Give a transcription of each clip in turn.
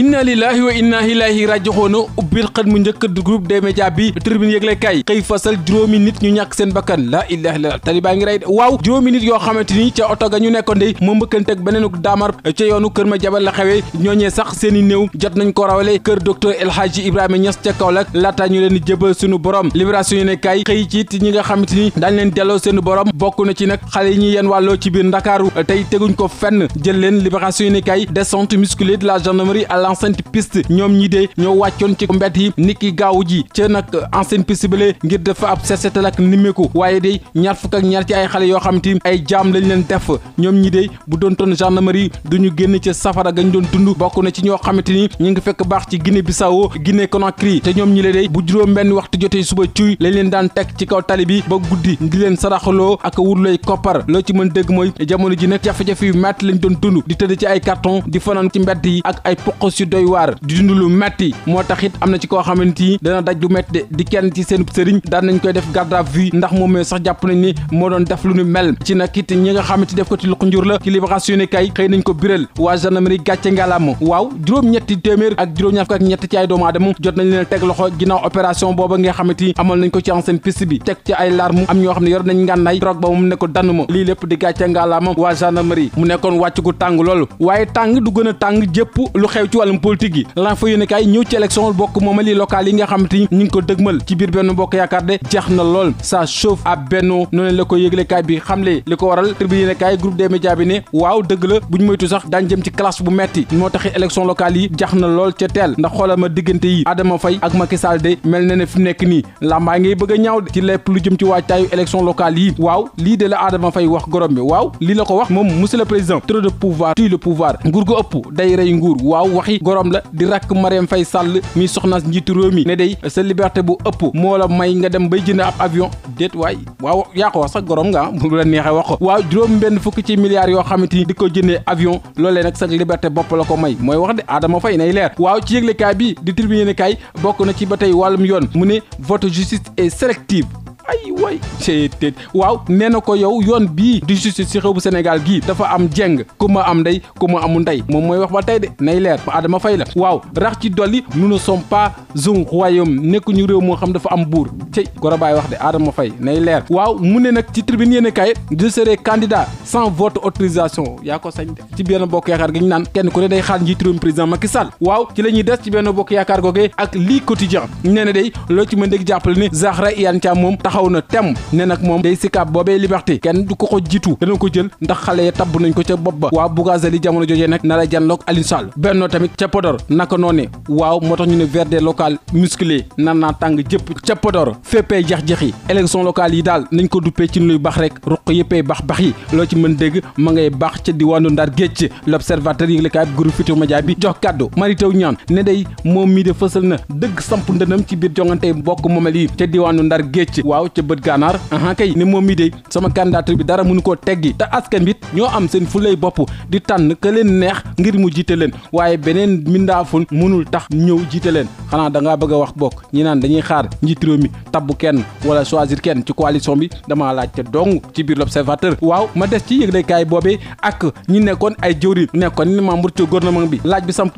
inna lillahi wa inna ilayhi raji'un ubbil xët mu njëkk groupe de médias bi tribune yëglekaay xëy fasal juróomi nit ñu ñàkk seen bakkan laa ilaha illa talibaa ngi rey waaw juróomi nit yoo xamante ni ca oto ga ñu nekkoon de moo mbëkkante ak beneen daamar ca yoonu kër ma jabal la xewee ñooñee sax seen i néew jot nañ ko rawale kër docteur El Hadji Ibrahima Niass ca Kaolack laataa ñu leen di jëbal suñu borom libération yi ne kaay xëy ci it ñi nga xamante ni dañ leen delloo seen borom bokk na ci nag xale yi ñuy ci biir ndakaaru tey teguñ ko fenn jël leen libération yi ne kaay descente musculée l' enceinte piste ñoom ñi de ñoo wàccoon ci mbedd yi niki gaaw ji ca nag enceinte piste bale ngir dafa ab sesetal ak nimeku waaye de ñaar fukk ak ñaar ci ay xale yoo xam te ay jaam lañ leen def ñoom ñi de bu doon toon gendarmerie du ñu génn ca safara gañ doon tund bokk na ci ñoo xamante ni ñu ngi fekk baax ci Guinée Bissau Guinée Conakry te ñoom ñi le de bu juróom benn waxtu jotee suba cuy lañ leen daan teg ci kaw tali bi ba guddi di leen saraxaloo ak wutlooy koppar loo ci mën dégg mooy jamono ji nag jafe yu metti lañ doon dund di tëdd ci ay carton di fanaan ci mbedd yi si doy waar di dund lu metti moo tax it am na ci koo xamante ni dana daj lu metti de di kenn ci seen sëriñ daan koy def garde à vue ndax moom mee sax jàpp nañ ni moo doon def lu ñu mel ci nag it ñi nga xamante def ko ci loxo njur la ci libération kay xëy nañ ko biral waa gendarmerie gàcce ginnaaw opération booba nga xamante ni amal nañ ko ci seen piste bi teg ci ay larme am ñoo xam ne yor nañ ngànnaay drogue ba moom ne danu ma lii lépp di gàcce wàllum politique yi lan fa yéene kaay ñëw ci élection bokk moomali local yi nga xamante ni ñu ngi ko dëgmal ci biir benn bokk yaakaar de jeex na lool ça chauffe à benno noonu la ko yëglekaay bi xamle li ko waral tribune yéene kaay groupe des médias bi ne waaw dëgg la bu ñu moytu sax daañ jëm ci classe bu metti moo tax élection locale yi jax na lool ca teel ndax xoolal ma diggante yi Adama fay ak Macky Sall de mel na ne fi mu nekk nii làmbaay ngay bëgg a ñaaw ci lépp lu jëm ci waajtaayu élection locale yi waaw lii de la Adama Faye wax gorom bi waaw lii la ko wax moom monsieur le président trop de pouvoir tue le pouvoir nguur gu ëpp day rey nguur waaw waxi waxi gorom la di rakk Marième Faye Sall mi soxnaas njiitu réew mi ne day sa liberté bu ëpp moo la may nga dem bay jënd ab avion déet waay yaa ko wax sax gorom nga bu la neexee wax ko waaw juróom benn fukk ci milliards yoo xamante ni di ko jëndee avion loolee nag sa liberté bopp la ko may mooy wax de Adama Faye nay leer waaw ci yëglekaay bi di tribune yéenekaay bokk na ci ba tey wàllum yoon mu ne vote justice est sélective ay way seeteet waaw nee na ko yow yoon bii di justice si xew bu Sénégal gii dafa am jeng ku ma am ndey ku ma amul ndey moom mooy wax ba tey de nay leer ba Adama Faye la waaw rax ci dolli nous ne sommes pas un royaume nekkuñu réew moo xam dafa am buur cey goro baay wax de Adama Faye nay leer waaw mu ne nag ci tribune yéen kaay je serai candidat sans votre autorisation yaa ko sañ ci benn bokk yaakaar gi ñu naan kenn ku ne day xaar njiitu réew président Macky Sall waaw ci taxaw na tem ne nag moom day sikaab boobee liberté kenn du ko ko jiitu dana ko jël ndax xale ya tabb nañ ko ca bopp ba waaw Bougazelli jamono jojee nag nar a janloog Aliou Sall bennoo tamit ca Podor naka noone waaw moo tax ñu ne verde local musclé nar naa tàng jëpp ca Podor féppee jex-jex yi élection yi daal nañ ko duppee ci luy baax rek ruq yëppee baax baax yi ci mën dégg ma ngay baax ca diwaanu Ndar Géej ci biir jongante waaw ca bët gànnaar aha kay ne moom mi de sama candidature bi dara mënu koo teggi te askan bi ñoo am seen fulay bopp di tànn ka leen neex ngir mu jiite leen waaye beneen mindaaful mënul tax ñëw jiite leen xanaa da ngaa a wax bokk ñi naan dañuy xaar njiit réew mi tabbu kenn wala choisir kenn ci coalition bi damaa laajte dong ci biir l'observateur waaw ma des ci yëglekaay boobee ak ñi nekkoon ay jëwriñ nekkoon ni membre ci gouvernement bi laaj bi samp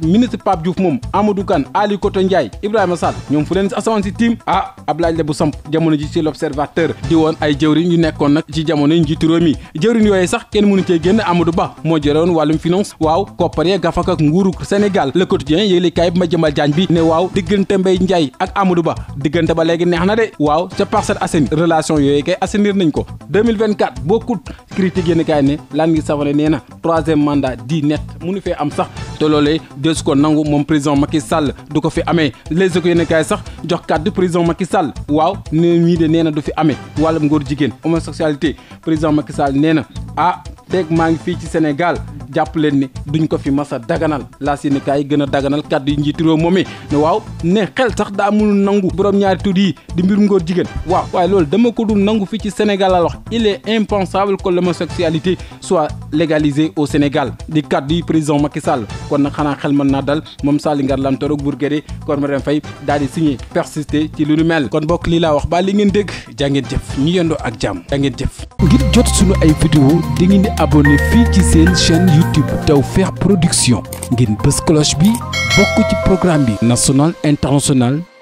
l'observateur di woon ay jëwriñ yu nekkoon nag ci jamono njiitu réew mi jëwriñ yooyu sax kenn mënu cee génn Amadou Ba moo jërewoon wàllum finance waaw koppar ya gafak ak nguuru Sénégal Le Quotidien yëglekaay bi ma jëmal jaañ bi ne waaw diggante Mbaye Ndiaye ak Amadou Ba diggante ba léegi neex na de waaw ca Parcelles Assainies relation yooyu kay assainir nañ ko 2024 bokkut critique yéen kaay ne ngi Savané nee na troisième mandat di net munu fee am sax te loolee deesu ko nangu moom président Macky Sall du ko fi amee les éco yéen kaay sax jox kàddu président Macky Sall waaw nee ñii de nee na du fi amee wàllum ngóor jigéen homosexualité président Macky Sall nee na ah teg maa ngi fii ci Sénégal jàpp leen duñ ko fi masa daganal laa si ni kaay gën a daganal kàddu yi njiitu réew moom ne waaw ne xel sax daa mënul nangu borom ñaari tur yi di mbirum ngóor jigéen waaw waaye loolu dama ko dul nangu fii ci Sénégal la wax il est impensable que l'homosexualité soit légalisée au Sénégal di kàddu yi président Macky Sall kon nag xanaa xel man naa dal moom Sall ngar lantorog Bourguéré Kor Marième Faye daal di signé persister ci lu nu mel kon bokk li la wax ba li ngeen dégg jàngeen jëf ñu yendoo ak jàmm jàngeen YouTube Tawfekh Production ngeen bés cloche bi bokk ci programme bi national international